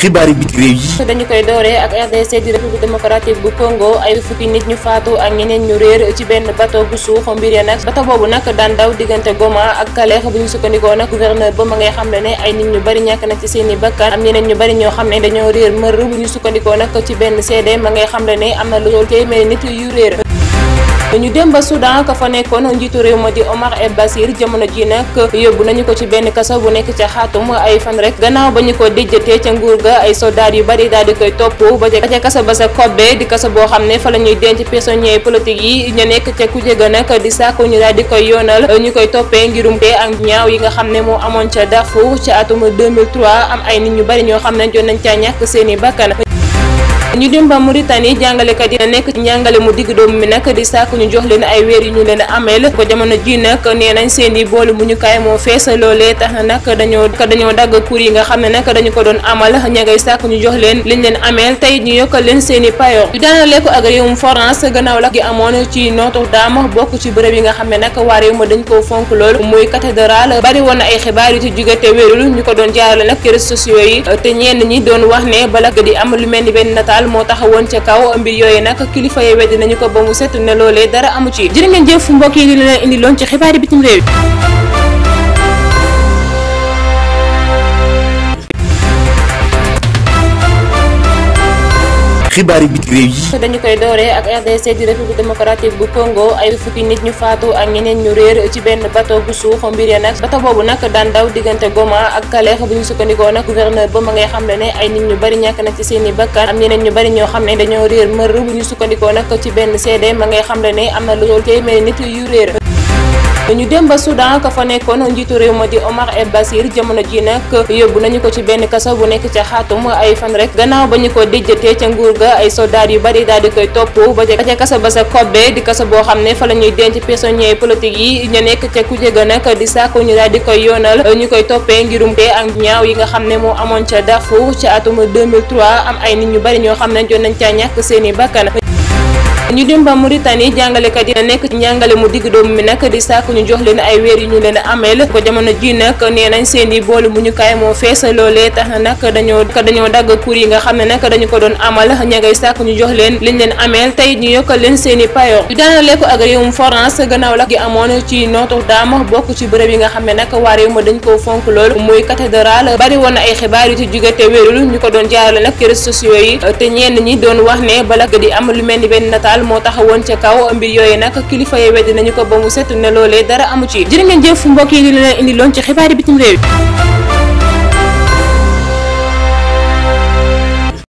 xibaari biti réew yi. dañu koy dooree ak RDC di république démocratique bu Congo ay fukki nit ñu faatu ak ñeneen ñu réer ci benn bateau bu suux mbir ya nag bateau boobu nag daan daw diggante Goma ak Kalex bu ñu sukkandikoo nag gouverneur ba ma ngay xam ne ne ay nit ñu bari ñàkk na ci seen i bakkan am ñeneen ñu bari ñoo xam ne dañoo réer mër bu ñu sukkandikoo nag ci benn CD ma ngay xam ne ne am na lu téeméeri nit yu réer ñu dem ba Soudan ka fa nekkoon njiitu réew ma di Omar El Bashir jamono ji nag yóbbu nañu ko ci benn kaso bu nekk ca xaatum ay fan rek gannaaw ba ñu ko déjjatee ca nguur ga ay soldat yu bari daal di koy topp ba ca kaso ba sa kobbe di kaso boo xam ne fa la ñuy denc prisonniers politiques yi ñu nekk ca kuje ga nag di sàkku ñu daal di koy yoonal ñu koy toppee ngirum tee ak ñaaw yi nga xam ne moo amoon ca Darfour ci atum 2003 am ay nit ñu bari ñoo xam ne jot nañ ca ñàkk seeni bakkan ñu dem ba Mauritanie jàngalekat yi nekk ci njàngale mu digg doomu mi nag di sàkk ñu jox leen ay weer yu ñu leen ameel ko jamono ji nag nee nañ seen i boolu bu ñu kaay moo fees loolee tax na nag dañoo dañoo dagg cours yi nga xam ne nag dañu ko doon amal ña ngay sàkk ñu jox leen liñ leen ameel tey ñu yokkal leen seen i payoor ñu daanalee ko ak réewum gannaaw la gi amoon ci Notre-Dame bokk ci bërëb yi nga xam ne nag waa réew ma dañ koo fonk lool muy cathédrale bari woon na ay xibaar yu ñu ko doon jaarale nag ci réseaux sociaux yi te ñenn ñi wax ne bala lu mel ni benn nataal daal moo taxawoon ca kaw mbir yooyu nag kilifa yi weddi nañu ko ba mu set ne loolee dara amu ci jërë ngeen jëf mbokk yi di leen indiloon ci xibaari bitim réew xibaari dañu koy dooree ak RDC di république démocratique bu Congo ay fukki nit ñu faatu ak ñeneen ñu réer ci benn bateau bu suux mbir ya nag bateau boobu nag daan daw diggante Goma ak Kalex bu ñu sukkandikoo nag gouverneur ba ma ngay xam ne ne ay nit ñu bari ñàkk na ci seen i am ñeneen ñu bari ñoo xam ne dañoo réer mër bu ñu sukkandikoo nag ci benn CD ma ngay xam ne ne am na lu téeméeri nit yu réer ñu dem ba Soudan ka fa nekkoon njiitu réew ma di Omar El Bashir jamono ji nag yóbbu nañu ko ci benn kaso bu nekk ca xaatum ay fan rek gannaaw ba ñu ko déjjatee ca nguur ga ay soldaar yu bari daal di koy topp ba ca kaso ba sa kobbe di kaso boo xam ne fa la ñuy denc prisonniers politique yi ñu nekk ca ku ga nag di sàkku ñu daal di koy yonal ñu koy toppee ngirum tee ak ñaaw yi nga xam ne moo amoon ca Darfour ca atum 2003 am ay nit ñu bari ñoo xam ne jot nañ caa ñàkk seeni bakkan ñu dem ba Mauritanie jàngalekat yi nekk ci njàngale mu digg doomu mi nag di sàkk ñu jox leen ay weer yu ñu leen ameel ko jamono ji nag nee nañ seen i boolu ñu kaay moo fees loolee tax na nag dañoo dañoo dagg cours yi nga xam ne nag dañu ko doon amal ña ngay sàkk ñu jox leen liñ leen ameel tey ñu yokkal leen seen i payoor yu ko ak réewum France gannaaw la gi amoon ci Notre Dame bokk ci bërëb yi nga xam ne nag waa réew ma dañ koo fonk lool muy cathédrale bari woon na ay xibaar yu ci jóge ñu ko doon jaarale nag ci réseaux sociaux yi te ñenn ñi doon wax ne bala di am lu mel ni benn nataal Fall moo taxawoon ca kaw mbir yooyu nag kilifa yi weddi nañu ko ba mu set ne loolee dara amu ci jërë ngeen jëf mbokk yi li leen indi loon ci xibaari bitim réew